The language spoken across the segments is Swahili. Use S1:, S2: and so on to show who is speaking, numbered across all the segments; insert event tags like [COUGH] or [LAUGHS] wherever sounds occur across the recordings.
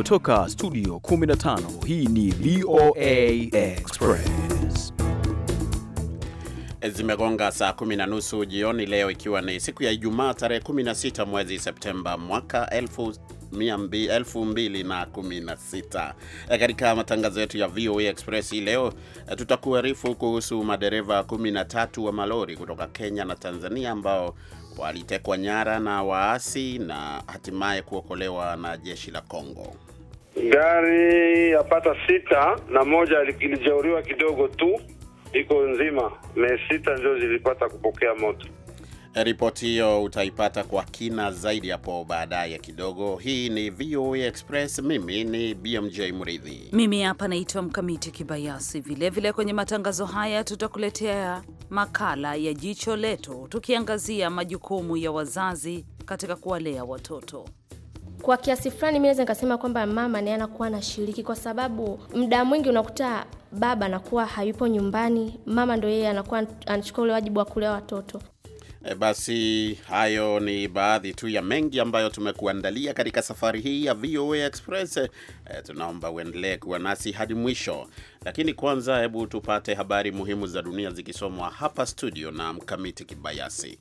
S1: Kutoka studio 15 hii
S2: ni VOA Express.
S1: Zimegonga saa kumi na nusu jioni leo, ikiwa ni siku ya Ijumaa tarehe 16 mwezi Septemba mwaka elfu 2016. E, katika matangazo yetu ya VOA Express hii leo e, tutakuarifu kuhusu madereva 13 wa malori kutoka Kenya na Tanzania ambao walitekwa nyara na waasi na hatimaye kuokolewa na jeshi la Kongo.
S3: Gari yapata sita na moja ilijauriwa kidogo tu, iko nzima. Me sita ndio zilipata kupokea moto.
S1: Eh, ripoti hiyo utaipata kwa kina zaidi hapo baadaye kidogo. Hii ni VOA Express. Mimi ni BMJ Mridhi,
S3: mimi
S4: hapa naitwa Mkamiti Kibayasi. Vilevile vile kwenye matangazo haya tutakuletea makala ya Jicho Letu tukiangazia majukumu ya wazazi katika kuwalea watoto.
S5: Kwa kiasi fulani mimi naweza nikasema kwamba mama naye anakuwa anashiriki, kwa sababu muda mwingi unakuta baba anakuwa hayupo nyumbani, mama ndo yeye anakuwa anachukua ule wajibu wa kulea watoto.
S1: E, basi hayo ni baadhi tu ya mengi ambayo tumekuandalia katika safari hii ya VOA Express. E, tunaomba uendelee kuwa nasi hadi mwisho, lakini kwanza, hebu tupate habari muhimu za dunia zikisomwa hapa studio na Mkamiti Kibayasi.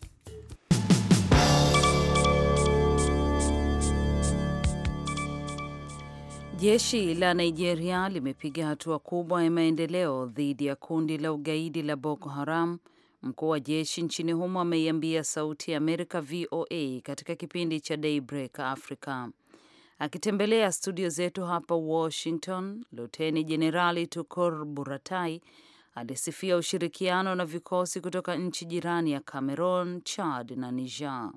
S4: Jeshi la Nigeria limepiga hatua kubwa ya maendeleo dhidi ya kundi la ugaidi la Boko Haram. Mkuu wa jeshi nchini humo ameiambia Sauti ya Amerika VOA katika kipindi cha Daybreak Africa akitembelea studio zetu hapa Washington. Luteni Jenerali Tukur Buratai alisifia ushirikiano na vikosi kutoka nchi jirani ya Cameroon, Chad na Niger.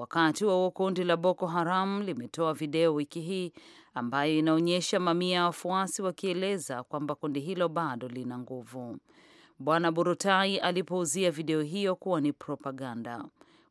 S4: Wakati wa huo kundi la Boko Haram limetoa video wiki hii ambayo inaonyesha mamia ya wafuasi wakieleza kwamba kundi hilo bado lina nguvu. Bwana Burutai alipouzia video hiyo kuwa ni propaganda.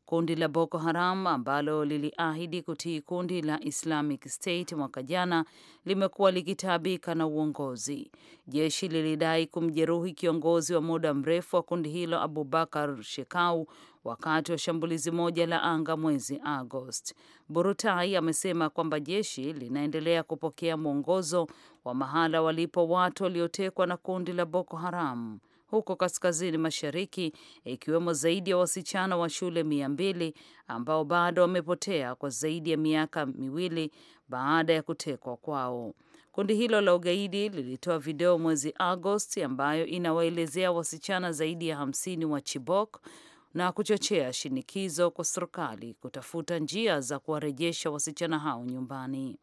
S4: Kundi la Boko Haram ambalo liliahidi kutii kundi la Islamic State mwaka jana limekuwa likitaabika na uongozi. Jeshi lilidai kumjeruhi kiongozi wa muda mrefu wa kundi hilo Abubakar Shekau wakati wa shambulizi moja la anga mwezi Agosti. Burutai amesema kwamba jeshi linaendelea kupokea mwongozo wa mahala walipo watu waliotekwa na kundi la Boko Haram huko kaskazini mashariki, ikiwemo zaidi ya wasichana wa shule mia mbili ambao bado wamepotea kwa zaidi ya miaka miwili baada ya kutekwa kwao. Kundi hilo la ugaidi lilitoa video mwezi Agosti ambayo inawaelezea wasichana zaidi ya hamsini wa Chibok na kuchochea shinikizo kwa serikali kutafuta njia za kuwarejesha wasichana hao nyumbani.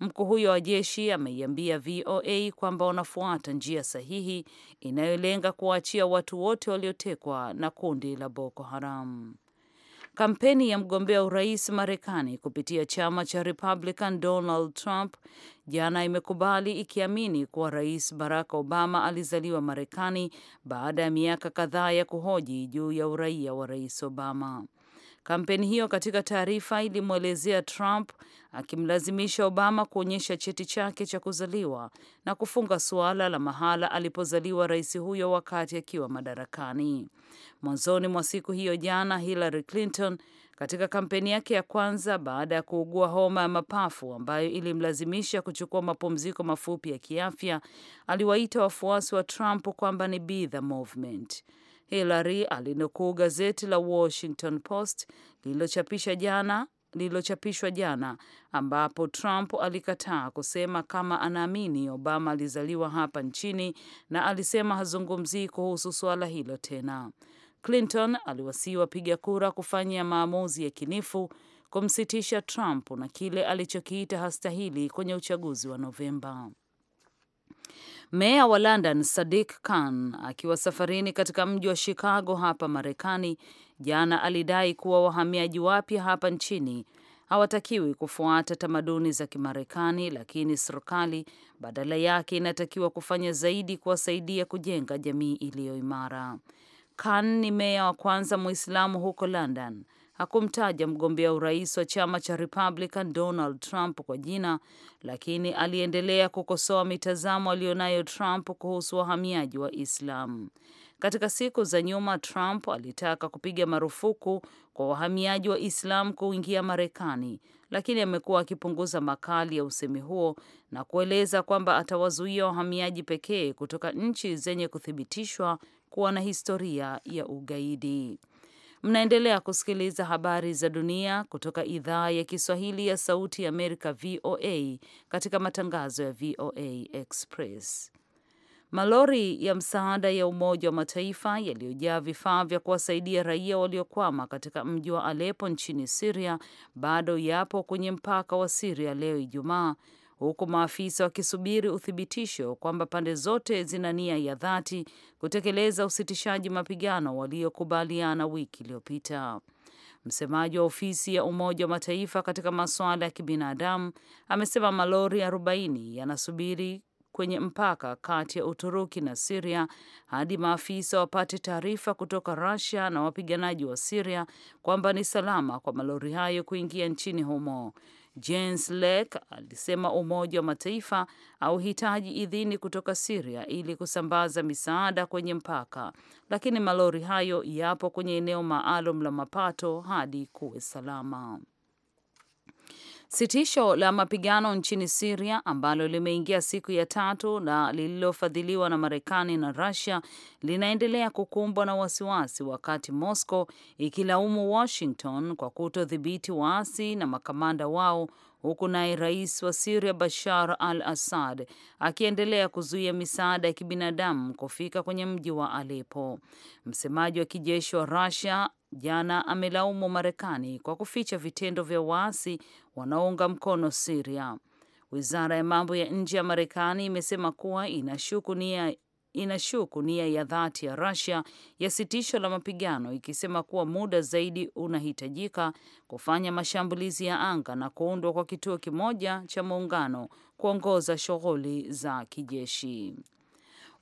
S4: Mkuu huyo wa jeshi ameiambia VOA kwamba wanafuata njia sahihi inayolenga kuwaachia watu wote waliotekwa na kundi la Boko Haram. Kampeni ya mgombea urais Marekani kupitia chama cha Republican Donald Trump jana imekubali ikiamini kuwa Rais Barack Obama alizaliwa Marekani baada ya miaka kadhaa ya kuhoji juu ya uraia wa Rais Obama. Kampeni hiyo katika taarifa ilimwelezea Trump akimlazimisha Obama kuonyesha cheti chake cha kuzaliwa na kufunga suala la mahala alipozaliwa rais huyo wakati akiwa madarakani. Mwanzoni mwa siku hiyo jana, Hillary Clinton katika kampeni yake ya kwanza baada ya kuugua homa ya mapafu ambayo ilimlazimisha kuchukua mapumziko mafupi ya kiafya, aliwaita wafuasi wa Trump kwamba ni Be the Movement. Hillary alinukuu gazeti la Washington Post lililochapisha jana lililochapishwa jana ambapo Trump alikataa kusema kama anaamini Obama alizaliwa hapa nchini na alisema hazungumzii kuhusu suala hilo tena. Clinton aliwasii wapiga kura kufanya maamuzi ya kinifu kumsitisha Trump na kile alichokiita hastahili kwenye uchaguzi wa Novemba. Meya wa London Sadiq Khan akiwa safarini katika mji wa Chicago hapa Marekani jana alidai kuwa wahamiaji wapya hapa nchini hawatakiwi kufuata tamaduni za Kimarekani, lakini serikali badala yake inatakiwa kufanya zaidi kuwasaidia kujenga jamii iliyo imara. Khan ni meya wa kwanza Mwislamu huko London hakumtaja mgombea urais wa chama cha Republican Donald Trump kwa jina, lakini aliendelea kukosoa mitazamo aliyonayo Trump kuhusu wahamiaji wa islam Katika siku za nyuma, Trump alitaka kupiga marufuku kwa wahamiaji wa Islam kuingia Marekani, lakini amekuwa akipunguza makali ya usemi huo na kueleza kwamba atawazuia wahamiaji pekee kutoka nchi zenye kuthibitishwa kuwa na historia ya ugaidi. Mnaendelea kusikiliza habari za dunia kutoka idhaa ya Kiswahili ya Sauti ya Amerika, VOA, katika matangazo ya VOA Express. Malori ya msaada ya Umoja wa Mataifa yaliyojaa vifaa vya kuwasaidia raia waliokwama katika mji wa Alepo nchini Siria bado yapo kwenye mpaka wa Siria leo Ijumaa, huku maafisa wakisubiri uthibitisho kwamba pande zote zina nia ya dhati kutekeleza usitishaji mapigano waliokubaliana wiki iliyopita. Msemaji wa ofisi ya Umoja wa Mataifa katika masuala ya kibinadamu amesema malori 40 yanasubiri kwenye mpaka kati ya Uturuki na Siria hadi maafisa wapate taarifa kutoka rasia na wapiganaji wa Siria kwamba ni salama kwa malori hayo kuingia nchini humo. Jens Lek alisema Umoja wa Mataifa hauhitaji idhini kutoka Siria ili kusambaza misaada kwenye mpaka, lakini malori hayo yapo kwenye eneo maalum la mapato hadi kuwe salama. Sitisho la mapigano nchini Siria ambalo limeingia siku ya tatu na lililofadhiliwa na Marekani na Russia linaendelea kukumbwa na wasiwasi, wakati Moscow ikilaumu Washington kwa kutodhibiti waasi na makamanda wao, huku naye rais wa Siria Bashar al Assad akiendelea kuzuia misaada ya kibinadamu kufika kwenye mji wa alepo Msemaji wa kijeshi wa rasia jana amelaumu Marekani kwa kuficha vitendo vya waasi wanaounga mkono Siria. Wizara ya mambo ya nje ya Marekani imesema kuwa inashuku nia inashuku nia ya dhati ya Russia ya sitisho la mapigano ikisema kuwa muda zaidi unahitajika kufanya mashambulizi ya anga na kuundwa kwa kituo kimoja cha muungano kuongoza shughuli za kijeshi.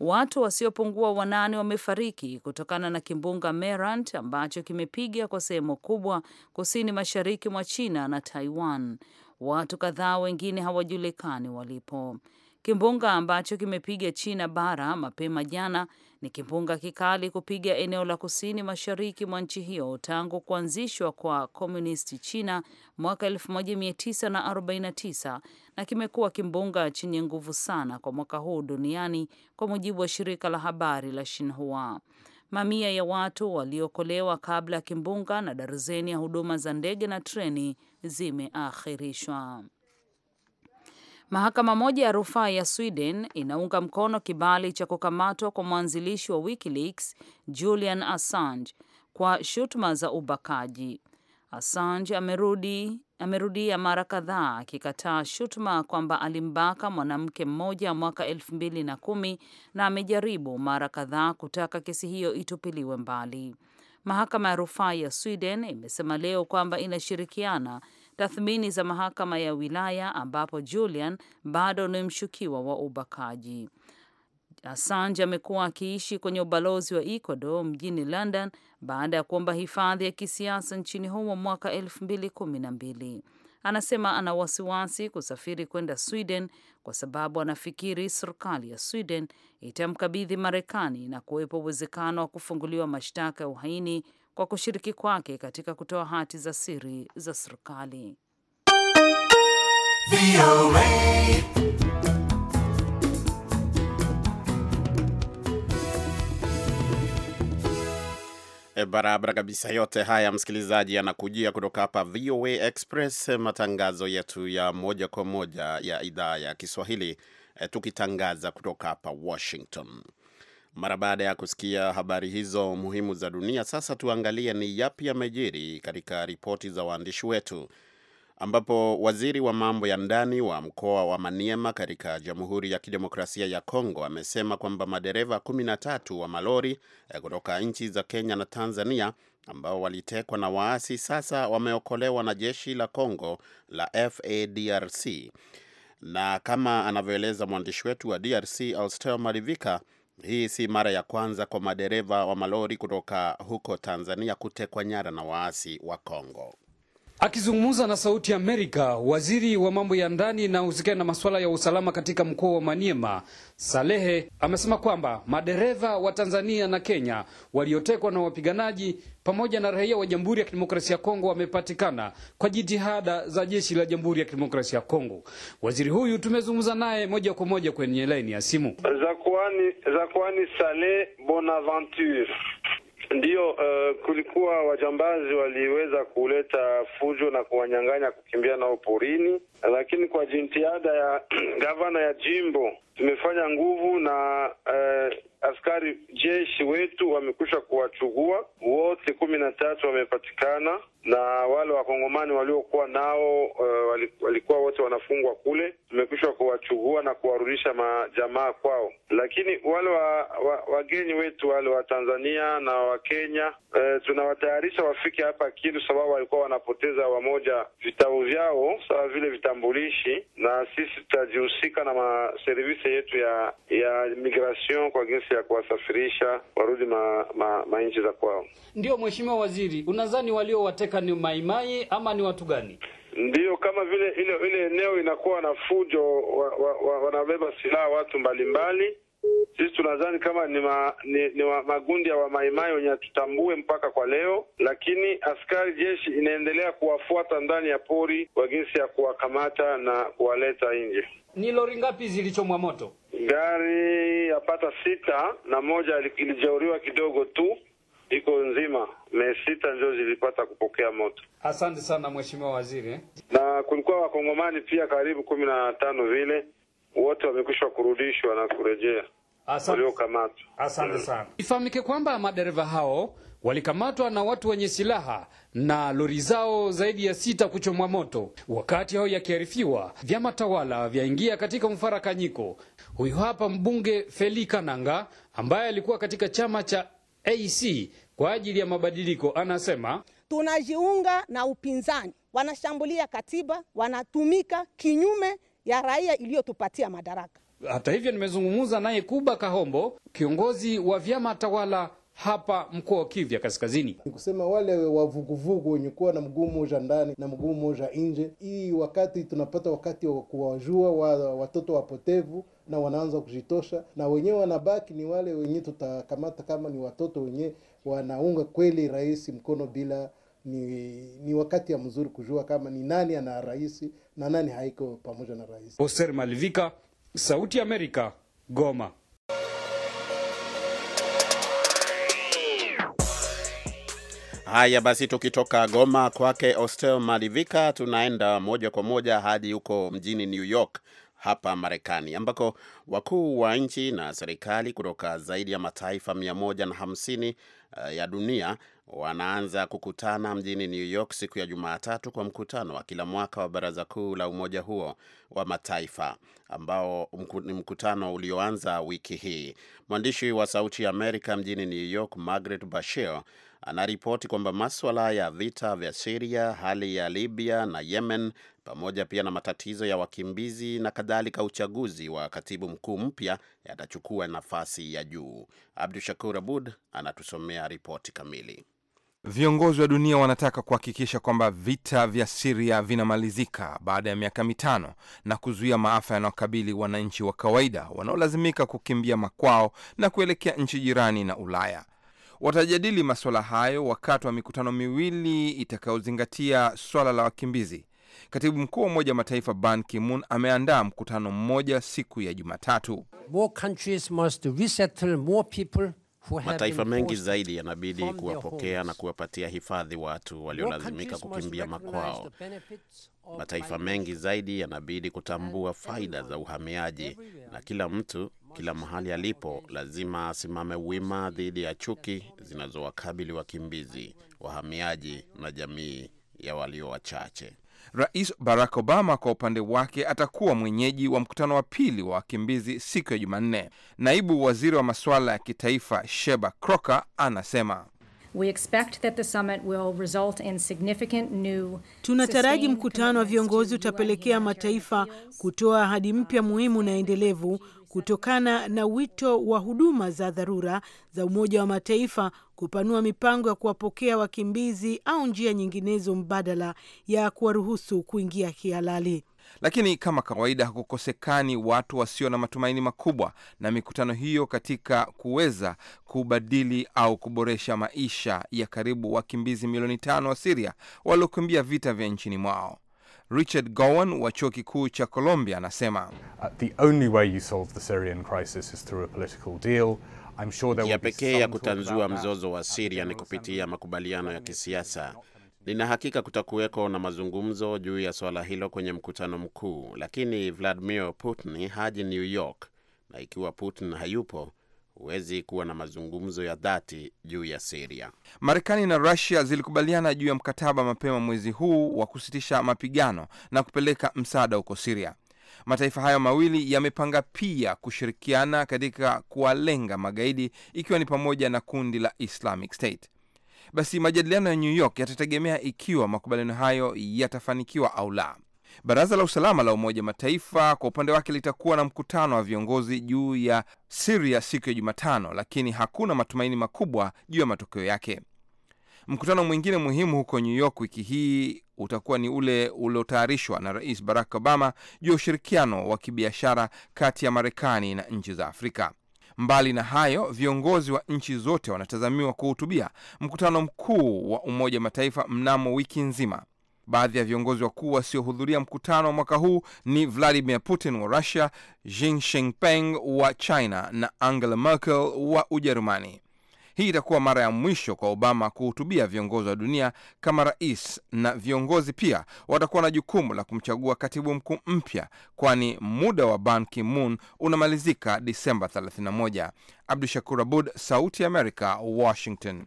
S4: Watu wasiopungua wanane wamefariki kutokana na kimbunga Merant ambacho kimepiga kwa sehemu kubwa kusini mashariki mwa China na Taiwan. Watu kadhaa wengine hawajulikani walipo. Kimbunga ambacho kimepiga China bara mapema jana ni kimbunga kikali kupiga eneo la kusini mashariki mwa nchi hiyo tangu kuanzishwa kwa komunisti China mwaka 1949 na, na kimekuwa kimbunga chenye nguvu sana kwa mwaka huu duniani kwa mujibu wa shirika la habari la Shinhua. Mamia ya watu waliokolewa kabla ya kimbunga na darzeni ya huduma za ndege na treni zimeakhirishwa. Mahakama moja ya rufaa ya Sweden inaunga mkono kibali cha kukamatwa kwa mwanzilishi wa WikiLeaks Julian Assange kwa shutuma za ubakaji. Assange amerudi amerudia mara kadhaa akikataa shutuma kwamba alimbaka mwanamke mmoja mwaka elfu mbili na kumi na amejaribu mara kadhaa kutaka kesi hiyo itupiliwe mbali. Mahakama ya rufaa ya Sweden imesema leo kwamba inashirikiana tathmini za mahakama ya wilaya ambapo Julian bado ni mshukiwa wa ubakaji. Assange amekuwa akiishi kwenye ubalozi wa Ecuador mjini London baada ya kuomba hifadhi ya kisiasa nchini humo mwaka elfu mbili kumi na mbili. Anasema ana wasiwasi kusafiri kwenda Sweden kwa sababu anafikiri serikali ya Sweden itamkabidhi Marekani na kuwepo uwezekano wa kufunguliwa mashtaka ya uhaini kwa kushiriki kwake katika kutoa hati za siri za serikali.
S1: E, barabara kabisa. Yote haya msikilizaji, anakujia kutoka hapa VOA Express, e, matangazo yetu ya moja kwa moja ya idhaa ya Kiswahili, e, tukitangaza kutoka hapa Washington. Mara baada ya kusikia habari hizo muhimu za dunia, sasa tuangalie ni yapi yamejiri katika ripoti za waandishi wetu, ambapo waziri wa mambo ya ndani wa mkoa wa Maniema katika Jamhuri ya Kidemokrasia ya Kongo amesema kwamba madereva kumi na tatu wa malori eh, kutoka nchi za Kenya na Tanzania ambao walitekwa na waasi sasa wameokolewa na jeshi la Kongo la FADRC, na kama anavyoeleza mwandishi wetu wa DRC Alstel Marivika hii si mara ya kwanza kwa madereva wa malori kutoka huko Tanzania kutekwa nyara na waasi wa Kongo.
S6: Akizungumza na Sauti Amerika, waziri wa mambo ya ndani na husikani na masuala ya usalama katika mkoa wa Maniema, Salehe, amesema kwamba madereva wa Tanzania na Kenya waliotekwa na wapiganaji pamoja na raia wa Jamhuri ya Kidemokrasia ya Kongo wamepatikana kwa jitihada za jeshi la Jamhuri ya Kidemokrasia ya Kongo. Waziri huyu tumezungumza naye moja kwa moja kwenye laini ya simu.
S3: Zakwani, Zakwani Saleh Bonaventure. Ndiyo, uh, eh, kulikuwa wajambazi waliweza kuleta fujo na kuwanyang'anya kukimbia nao porini lakini kwa jitihada ya [CLEARS THROAT] gavana ya jimbo tumefanya nguvu na eh, askari jeshi wetu wamekwisha kuwachugua wote kumi na tatu wamepatikana, na wale wakongomani waliokuwa nao eh, walikuwa wote wanafungwa kule, tumekwisha kuwachugua na kuwarudisha majamaa kwao. Lakini wale wa, wa, wageni wetu wale wa Tanzania na wa Kenya eh, tunawatayarisha wafike hapa Kindu, sababu walikuwa wanapoteza wamoja vitabu vyao sawa vile vitabu vitambulishi, na sisi tutajihusika na maservisi yetu ya ya migration kwa jinsi ya kuwasafirisha warudi ma, ma, ma nchi za kwao.
S6: ndio Mheshimiwa Waziri, unadhani waliowateka ni maimai ama ni watu gani?
S3: Ndiyo, kama vile ile ile eneo inakuwa na fujo, wa, wa, wa, wanabeba silaha watu mbalimbali mbali. Sisi tunadhani kama ni, ma, ni, ni wa, magundi ya wamaimai wenye hatutambue mpaka kwa leo, lakini askari jeshi inaendelea kuwafuata ndani ya pori kwa jinsi ya kuwakamata na kuwaleta nje.
S6: Ni lori ngapi zilichomwa moto?
S3: Gari yapata sita na moja ilijeuriwa kidogo tu, iko nzima. Me sita ndio zilipata kupokea moto.
S6: Asante sana mheshimiwa waziri. Eh.
S3: Na kulikuwa wakongomani pia karibu kumi na tano vile wote wamekwisha kurudishwa na kurejea waliokamatwa.
S6: Asante mm. sana. Ifahamike kwamba madereva hao walikamatwa na watu wenye silaha na lori zao zaidi ya sita kuchomwa moto. Wakati hao yakiarifiwa, vyama tawala vyaingia katika mfarakanyiko. Huyu hapa mbunge Feli Kananga ambaye alikuwa katika chama cha AC kwa ajili ya mabadiliko, anasema
S7: tunajiunga na upinzani, wanashambulia katiba, wanatumika kinyume ya raia iliyotupatia madaraka.
S6: Hata hivyo, nimezungumza naye Kuba Kahombo, kiongozi wa vyama tawala hapa mkoa wa Kivu ya Kaskazini,
S1: ni kusema wale wavuguvugu wenye kuwa na mguu moja ndani na mguu moja nje, hii wakati tunapata wakati wa kuwajua wa watoto wapotevu na wanaanza kujitosha, na wenyewe wanabaki ni wale wenyewe tutakamata kama ni watoto wenyewe wanaunga kweli rais mkono bila ni, ni wakati ya mzuri kujua kama ni nani ana rais na nani haiko pamoja na rais.
S6: Oser Malivika, Sauti ya Amerika, Goma.
S1: Haya basi, tukitoka Goma kwake Ostel Malivika, tunaenda moja kwa moja hadi huko mjini New York hapa Marekani, ambako wakuu wa nchi na serikali kutoka zaidi ya mataifa 150 Eh, ya dunia wanaanza kukutana mjini New York siku ya Jumatatu kwa mkutano wa kila mwaka wa baraza kuu la umoja huo wa mataifa ambao ni mkutano ulioanza wiki hii. Mwandishi wa Sauti ya Amerika mjini New York, Margaret Bashir anaripoti kwamba maswala ya vita vya Siria, hali ya Libya na Yemen, pamoja pia na matatizo ya wakimbizi na kadhalika, uchaguzi wa katibu mkuu mpya yatachukua nafasi ya juu. Abdu Shakur Abud anatusomea ripoti kamili.
S2: Viongozi wa dunia wanataka kuhakikisha kwamba vita vya Siria vinamalizika baada ya miaka mitano na kuzuia maafa yanayokabili wananchi wa kawaida wanaolazimika kukimbia makwao na kuelekea nchi jirani na Ulaya. Watajadili masuala hayo wakati wa mikutano miwili itakayozingatia swala la wakimbizi. Katibu mkuu wa Umoja wa Mataifa Ban Ki-moon ameandaa mkutano mmoja siku ya Jumatatu.
S8: Mataifa mengi
S2: zaidi yanabidi kuwapokea
S1: na kuwapatia hifadhi watu waliolazimika kukimbia makwao. Mataifa mengi zaidi yanabidi kutambua faida za uhamiaji, na kila mtu kila mahali alipo lazima asimame wima dhidi ya chuki zinazowakabili wakimbizi, wahamiaji na jamii ya walio wachache.
S2: Rais Barack Obama kwa upande wake atakuwa mwenyeji wa mkutano wa pili wa wakimbizi siku ya Jumanne. Naibu waziri wa masuala ya kitaifa Sheba Crocker anasema
S4: tunataraji mkutano wa
S9: viongozi utapelekea mataifa kutoa ahadi mpya muhimu na endelevu kutokana na wito wa huduma za dharura za Umoja wa Mataifa kupanua mipango ya kuwapokea wakimbizi au njia nyinginezo mbadala ya kuwaruhusu kuingia
S2: kihalali. Lakini kama kawaida, hakukosekani watu wasio na matumaini makubwa na mikutano hiyo katika kuweza kubadili au kuboresha maisha ya karibu wakimbizi milioni tano wa Siria waliokimbia vita vya nchini mwao. Richard Gowan wa chuo kikuu cha Colombia anasema uh, njia pekee
S1: ya kutanzua mzozo wa Siria
S2: ni kupitia
S1: makubaliano ya kisiasa. Nina hakika kutakuweko na mazungumzo juu ya suala hilo kwenye mkutano mkuu, lakini Vladimir Putin haji New York, na ikiwa Putin hayupo huwezi kuwa na mazungumzo ya dhati juu ya Siria.
S2: Marekani na Rusia zilikubaliana juu ya mkataba mapema mwezi huu wa kusitisha mapigano na kupeleka msaada huko Siria. Mataifa hayo mawili yamepanga pia kushirikiana katika kuwalenga magaidi, ikiwa ni pamoja na kundi la Islamic State. Basi majadiliano ya New York yatategemea ikiwa makubaliano hayo yatafanikiwa au la. Baraza la usalama la Umoja Mataifa kwa upande wake litakuwa na mkutano wa viongozi juu ya Siria siku ya Jumatano, lakini hakuna matumaini makubwa juu ya matokeo yake. Mkutano mwingine muhimu huko New York wiki hii utakuwa ni ule uliotayarishwa na Rais Barack Obama juu ya ushirikiano wa kibiashara kati ya Marekani na nchi za Afrika. Mbali na hayo, viongozi wa nchi zote wanatazamiwa kuhutubia mkutano mkuu wa Umoja Mataifa mnamo wiki nzima. Baadhi ya viongozi wakuu wasiohudhuria mkutano wa mwaka huu ni Vladimir Putin wa Russia, Xi Jinping wa China na Angela Merkel wa Ujerumani. Hii itakuwa mara ya mwisho kwa Obama kuhutubia viongozi wa dunia kama rais, na viongozi pia watakuwa na jukumu la kumchagua katibu mkuu mpya, kwani muda wa Ban Ki-moon unamalizika Disemba 31. Abdu Shakur Abud, Sauti ya Amerika, Washington.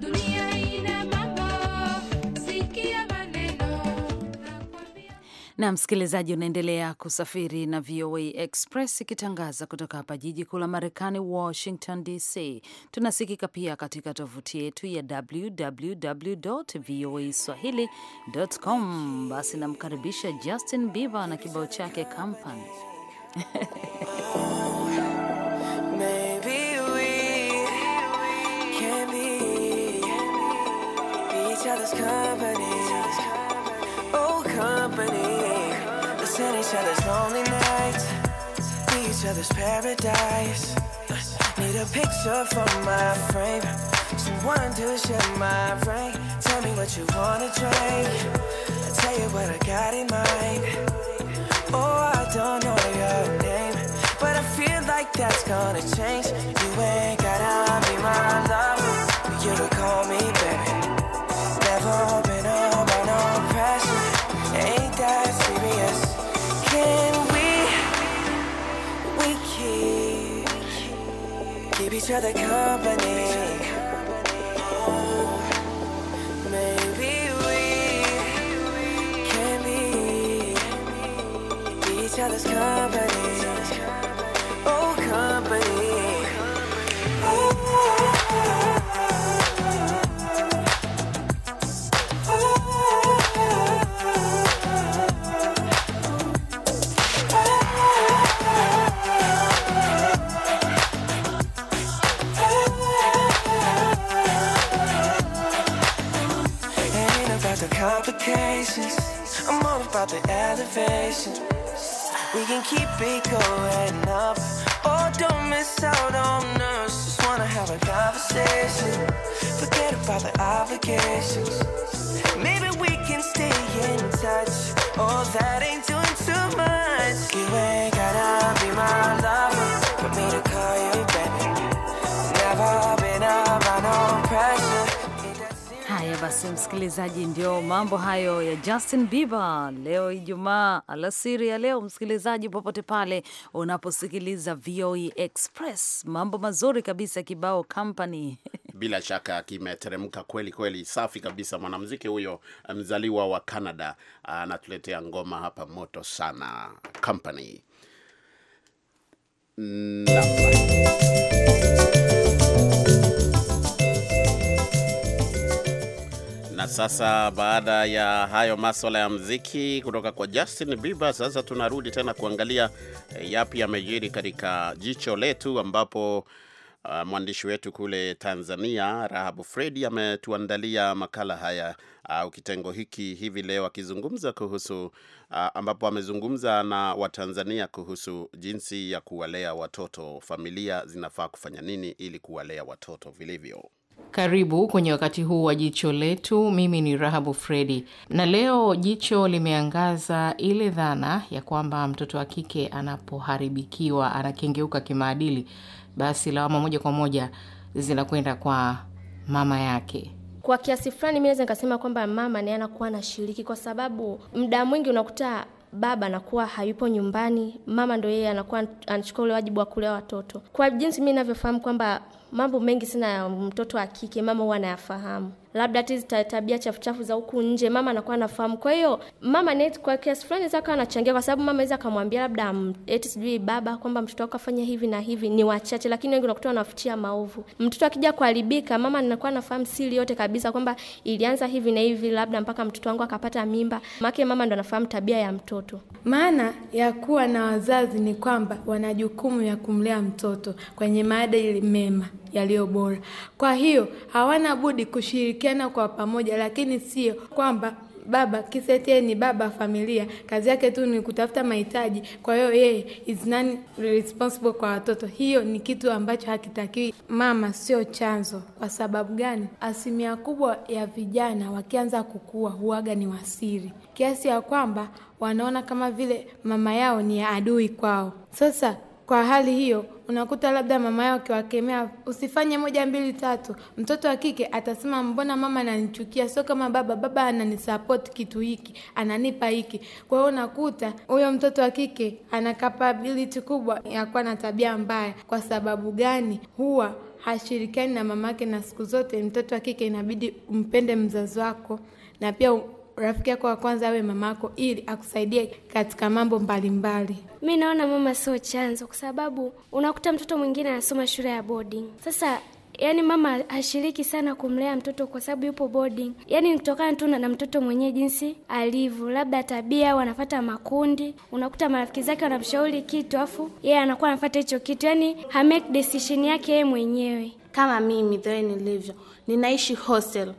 S4: na msikilizaji, unaendelea kusafiri na VOA Express ikitangaza kutoka hapa jiji kuu la Marekani, Washington DC. Tunasikika pia katika tovuti yetu ya www voa swahili.com. Basi namkaribisha Justin Bieber na kibao chake Company.
S10: us in each other's lonely nights, in each other's paradise. Need a picture for my frame, someone to share my brain. Tell me what you wanna drink, I'll tell you what I got in mind. Oh, I don't know your name, but I feel like that's gonna change. You ain't gotta be my lover, you to call me baby. Never. each other company. Oh, maybe we can be each other's company. motivation. We can keep it going up. Oh, don't miss out on us. Just wanna have a conversation. Forget about the obligations. Maybe we can stay in touch. Oh, that ain't doing too much. You ain't gotta be my
S4: Basi msikilizaji, ndio mambo hayo ya Justin Bieber leo Ijumaa alasiri ya leo. Msikilizaji, popote pale unaposikiliza VOE Express, mambo mazuri kabisa, kibao company
S1: [LAUGHS] bila shaka kimeteremka kweli kweli, safi kabisa. Mwanamuziki huyo mzaliwa wa Canada anatuletea ngoma hapa moto sana, company. Sasa baada ya hayo maswala ya mziki kutoka kwa Justin Bieber, sasa tunarudi tena kuangalia eh, yapi yamejiri katika jicho letu, ambapo uh, mwandishi wetu kule Tanzania Rahabu Fredi ametuandalia makala haya au uh, kitengo hiki hivi leo akizungumza kuhusu uh, ambapo amezungumza na Watanzania kuhusu jinsi ya kuwalea watoto, familia zinafaa kufanya nini ili kuwalea watoto vilivyo.
S7: Karibu kwenye wakati huu wa jicho letu. Mimi ni Rahabu Fredi, na leo jicho limeangaza ile dhana ya kwamba mtoto wa kike anapoharibikiwa, anakengeuka kimaadili, basi lawama moja kwa moja zinakwenda kwa mama yake.
S5: Kwa kiasi fulani, mi naweza nikasema kwamba mama naye anakuwa anashiriki, kwa sababu muda mwingi unakuta baba anakuwa hayupo nyumbani, mama ndo yeye anakuwa anachukua ule wajibu wa kulea watoto. Kwa jinsi mi navyofahamu kwamba mambo mengi sana ya mtoto wa kike mama huwa anayafahamu, labda hata hizi tabia chafuchafu za huku nje mama anakuwa anafahamu. Kwa hiyo mama net kwa kiasi fulani za akawa anachangia, kwa sababu mama aweza akamwambia labda eti sijui baba kwamba mtoto wako afanya hivi na hivi. Ni wachache, lakini wengi unakuta wanafutia maovu. Mtoto akija kuharibika, mama anakuwa anafahamu siri yote kabisa kwamba ilianza hivi na hivi, labda mpaka mtoto wangu akapata mimba. make mama ndo anafahamu tabia ya
S9: mtoto. Maana ya kuwa na wazazi ni kwamba wana jukumu ya kumlea mtoto kwenye maada maadili mema yaliyo bora. Kwa hiyo hawana budi kushirikiana kwa pamoja, lakini sio kwamba baba Kisete ni baba familia, kazi yake tu ni kutafuta mahitaji, kwa hiyo yeye is not responsible kwa watoto. Hiyo ni kitu ambacho hakitakiwi. Mama sio chanzo. Kwa sababu gani? Asilimia kubwa ya vijana wakianza kukua huaga ni wasiri, kiasi ya kwamba wanaona kama vile mama yao ni ya adui kwao. Sasa kwa hali hiyo unakuta labda mama yao akiwakemea usifanye moja mbili tatu, mtoto wa kike atasema mbona mama ananichukia, sio kama baba. Baba ananisapoti kitu hiki, ananipa hiki. Kwa hiyo unakuta huyo mtoto wa kike ana kapabiliti kubwa ya kuwa na tabia mbaya. Kwa sababu gani? huwa hashirikiani na mamake, na siku zote mtoto wa kike inabidi umpende mzazi wako na pia rafiki yako wa kwanza awe mamako, ili akusaidie katika mambo mbalimbali. Mi naona mama sio chanzo, kwa sababu unakuta mtoto
S5: mwingine anasoma shule ya boarding. Sasa yani mama hashiriki sana kumlea mtoto kwa sababu yupo boarding. Yani kutokana tu na mtoto mwenyewe jinsi alivyo, labda tabia, wanafata makundi, unakuta marafiki zake wanamshauri kitu afu yeye yeah, anakuwa anafata hicho kitu, yani hamake
S9: decision yake yeye mwenyewe. Kama mimi the nilivyo, ninaishi hostel,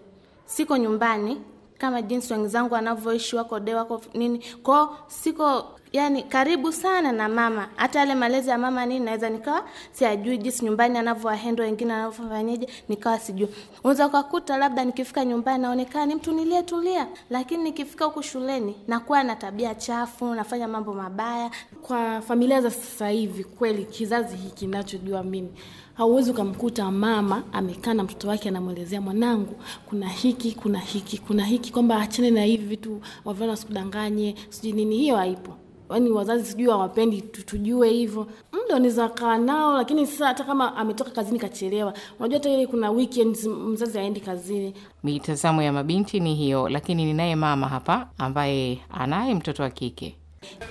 S9: siko nyumbani kama jinsi wenzangu wanavyoishi, wako de, wako nini kwao, siko yani karibu sana na mama. Hata yale malezi ya mama nini, naweza nikawa siajui jinsi nyumbani anavyowahendwa wengine, anavyofanyaje, nikawa sijui. Unaweza ukakuta labda nikifika nyumbani naonekana ni mtu niliyetulia, lakini nikifika huku shuleni nakuwa na tabia chafu, nafanya mambo mabaya. Kwa familia za sasa hivi, kweli kizazi hiki nachojua mimi Hauwezi ukamkuta mama amekaa na mtoto wake anamwelezea mwanangu, kuna hiki kuna hiki kuna hiki, kwamba achane na hivi vitu, wavana sikudanganye sijui nini. Hiyo haipo. Yaani wazazi sijui hawapendi tujue hivyo. mdo unaweza kaa nao, lakini sasa hata kama ametoka kazini kachelewa, unajua hata ile kuna weekends mzazi aendi kazini.
S7: Mitazamo ya mabinti ni hiyo, lakini ninaye mama hapa ambaye anaye mtoto wa kike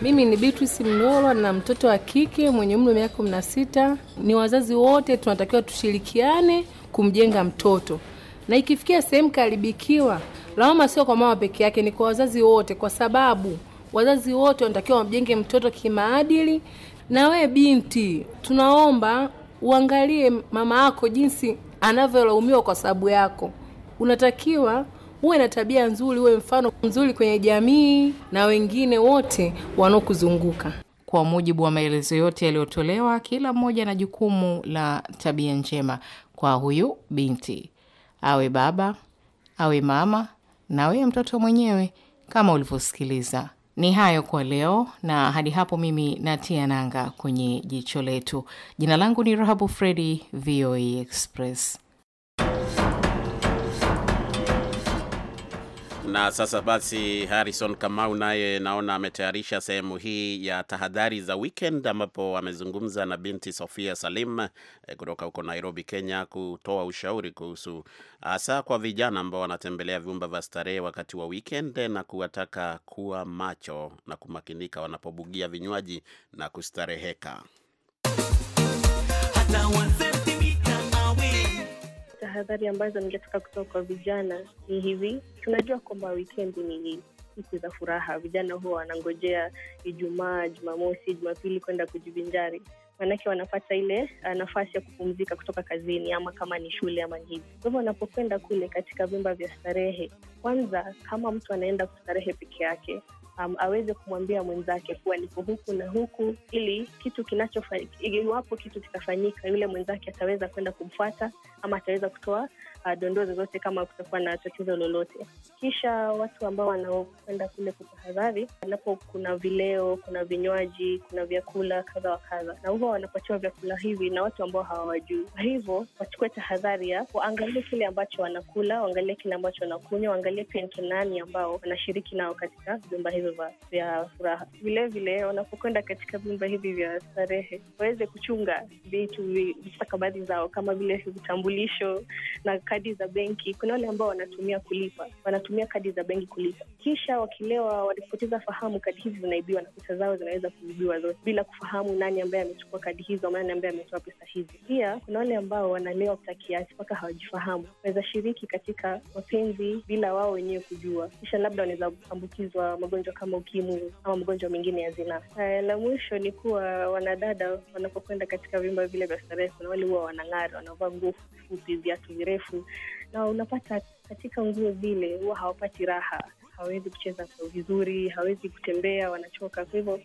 S7: mimi ni Beatrice Mlolo na mtoto wa kike mwenye umri wa miaka kumi na sita. Ni wazazi wote tunatakiwa tushirikiane kumjenga mtoto, na ikifikia sehemu karibikiwa, lawama sio kwa mama peke yake, ni kwa wazazi wote, kwa sababu wazazi wote wanatakiwa wamjenge mtoto kimaadili. Na we binti, tunaomba uangalie mama yako jinsi anavyolaumiwa kwa sababu yako, unatakiwa uwe na tabia nzuri, uwe mfano mzuri kwenye jamii na wengine wote wanaokuzunguka. Kwa mujibu wa maelezo yote yaliyotolewa, kila mmoja na jukumu la tabia njema kwa huyu binti, awe baba, awe mama na wewe mtoto mwenyewe. Kama ulivyosikiliza, ni hayo kwa leo, na hadi hapo mimi natia nanga kwenye jicho letu. Jina langu ni Rahabu Fredi, VOA e Express.
S1: Na sasa basi, Harrison Kamau naye naona ametayarisha sehemu hii ya tahadhari za weekend, ambapo amezungumza na binti Sofia Salim eh, kutoka huko Nairobi, Kenya, kutoa ushauri kuhusu hasa kwa vijana ambao wanatembelea vyumba vya starehe wakati wa weekend, eh, na kuwataka kuwa macho na kumakinika wanapobugia vinywaji na kustareheka
S8: Hata tahadhari ambazo ningetaka kutoka kwa vijana ni hivi. Tunajua kwamba wikendi ni siku za furaha, vijana huwa wanangojea Ijumaa, Jumamosi, Jumapili kwenda kujivinjari maanake wanapata ile ah, nafasi ya kupumzika kutoka kazini ama kama ni shule ama ni hivi. Kwa hivyo wanapokwenda kule katika vyumba vya starehe, kwanza, kama mtu anaenda kustarehe peke yake, um, aweze kumwambia mwenzake kuwa niko huku na huku, ili kitu kinachofanyika, iwapo kitu kitafanyika, yule mwenzake ataweza kwenda kumfuata ama ataweza kutoa uh, dondoo zozote kama kutakuwa na tatizo lolote. Kisha watu ambao wanaokwenda kule kutahadhari, anapo kuna vileo, kuna vinywaji, kuna vyakula kadha wa kadha, na huwa wanapatiwa vyakula hivi na watu ambao hawawajui. Kwa hivyo wachukue tahadhari ya waangalie kile ambacho wanakula, waangalie kile ambacho wanakunywa, waangalie pia ni kinani ambao wanashiriki nao katika vyumba hivyo vya furaha. Vilevile wanapokwenda katika vyumba hivi vya starehe, waweze kuchunga vitu, vistakabadhi zao kama vile vitambulisho na kadi za benki. Kuna wale ambao wanatumia kulipa, wanatumia kadi za benki kulipa, kisha wakilewa, walipoteza fahamu, kadi hizi zinaibiwa na pesa zao zinaweza kuibiwa zote bila kufahamu nani ambaye amechukua kadi hizo, nani ambaye ametoa pesa hizi. Pia kuna wale ambao wanalewa kupita kiasi mpaka hawajifahamu, wanaweza shiriki katika mapenzi bila wao wenyewe kujua, kisha labda wanaweza ambukizwa magonjwa kama ukimwi ama magonjwa mengine ya zinaa. Eh, la mwisho ni kuwa wanadada wanapokwenda katika vyumba vile vya starehe, kuna wale huwa wanang'ara, wanavaa nguo fupi, viatu virefu na unapata katika nguo zile huwa hawapati raha, hawawezi kucheza vizuri, hawawezi kutembea, wanachoka. Kwa hivyo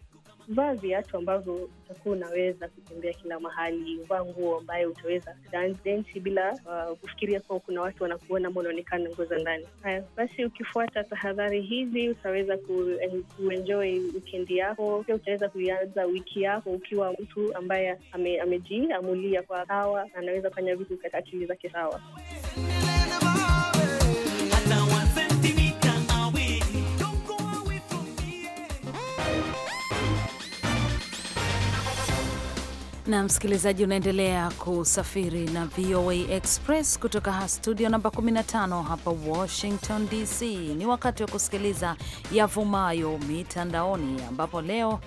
S8: vaa viatu ambavyo utakuwa unaweza kutembea kila mahali, vaa nguo ambayo utaweza dance bila uh, kufikiria kuwa kuna watu wanakuona ama unaonekana nguo za ndani. Haya basi, ukifuata tahadhari hizi utaweza kuenjoy eh, wikendi yako, pia utaweza kuianza wiki yako ukiwa mtu ambaye amejiamulia ame kwa sawa, anaweza fanya vitu katika akili zake sawa.
S4: na msikilizaji, unaendelea kusafiri na VOA Express kutoka studio namba 15 hapa Washington DC. Ni wakati wa kusikiliza yavumayo mitandaoni, ambapo leo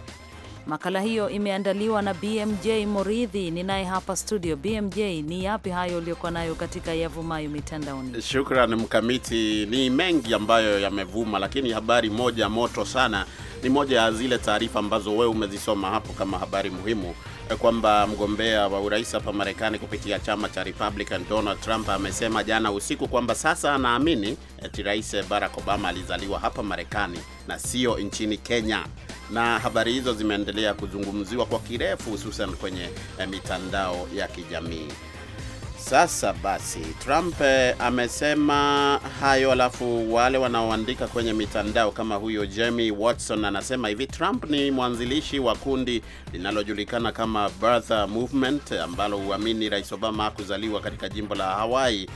S4: Makala hiyo imeandaliwa na BMJ Moridhi, ninaye hapa studio. BMJ, ni yapi hayo uliokuwa nayo katika yavumayo mitandaoni?
S1: Shukran Mkamiti, ni mengi ambayo yamevuma, lakini habari moja moto sana ni moja ya zile taarifa ambazo wewe umezisoma hapo kama habari muhimu eh, kwamba mgombea wa urais hapa Marekani kupitia chama cha Republican Donald Trump amesema jana usiku kwamba sasa anaamini eti Rais Barack Obama alizaliwa hapa Marekani na sio nchini Kenya na habari hizo zimeendelea kuzungumziwa kwa kirefu, hususan kwenye eh, mitandao ya kijamii. Sasa basi, Trump eh, amesema hayo, alafu wale wanaoandika kwenye mitandao kama huyo Jamie Watson anasema hivi: Trump ni mwanzilishi wa kundi linalojulikana kama Birther Movement ambalo huamini Rais Obama hakuzaliwa katika jimbo la Hawaii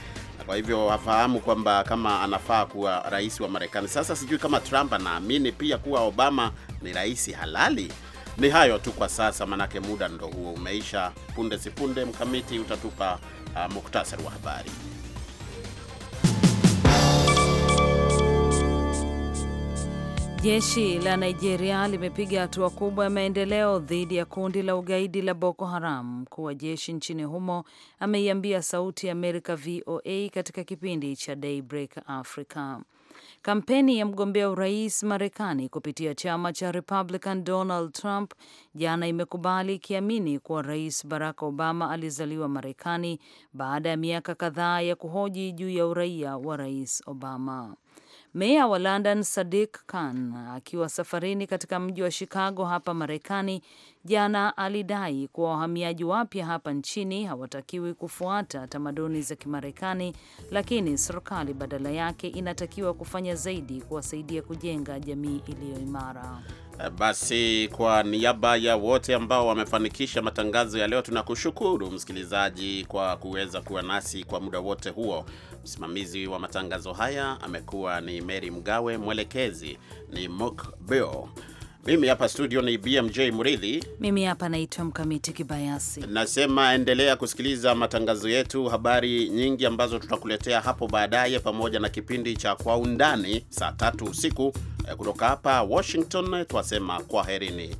S1: kwa hivyo wafahamu kwamba kama anafaa kuwa rais wa Marekani. Sasa sijui kama Trump anaamini pia kuwa Obama ni rais halali. Ni hayo tu kwa sasa, manake muda ndo huo umeisha. Punde sipunde, Mkamiti utatupa uh, muktasari wa habari.
S4: Jeshi la Nigeria limepiga hatua kubwa ya maendeleo dhidi ya kundi la ugaidi la Boko Haram. Mkuu wa jeshi nchini humo ameiambia Sauti ya Amerika VOA katika kipindi cha Daybreak Africa. Kampeni ya mgombea urais Marekani kupitia chama cha Republican Donald Trump jana imekubali ikiamini kuwa Rais Barack Obama alizaliwa Marekani baada ya miaka kadhaa ya kuhoji juu ya uraia wa Rais Obama. Meya wa London Sadiq Khan akiwa safarini katika mji wa Chicago hapa Marekani jana alidai kuwa wahamiaji wapya hapa nchini hawatakiwi kufuata tamaduni za Kimarekani, lakini serikali badala yake inatakiwa kufanya zaidi kuwasaidia kujenga jamii iliyo imara.
S1: Eh, basi kwa niaba ya wote ambao wamefanikisha matangazo ya leo, tunakushukuru msikilizaji kwa kuweza kuwa nasi kwa muda wote huo. Msimamizi wa matangazo haya amekuwa ni Mary Mgawe, mwelekezi ni Mok Beo. Mimi hapa studio ni BMJ Mridhi.
S4: Mimi hapa naitwa Mkamiti Kibayasi.
S1: Nasema endelea kusikiliza matangazo yetu, habari nyingi ambazo tutakuletea hapo baadaye, pamoja na kipindi cha Kwa Undani saa tatu usiku eh, kutoka hapa Washington. Twasema kwaherini.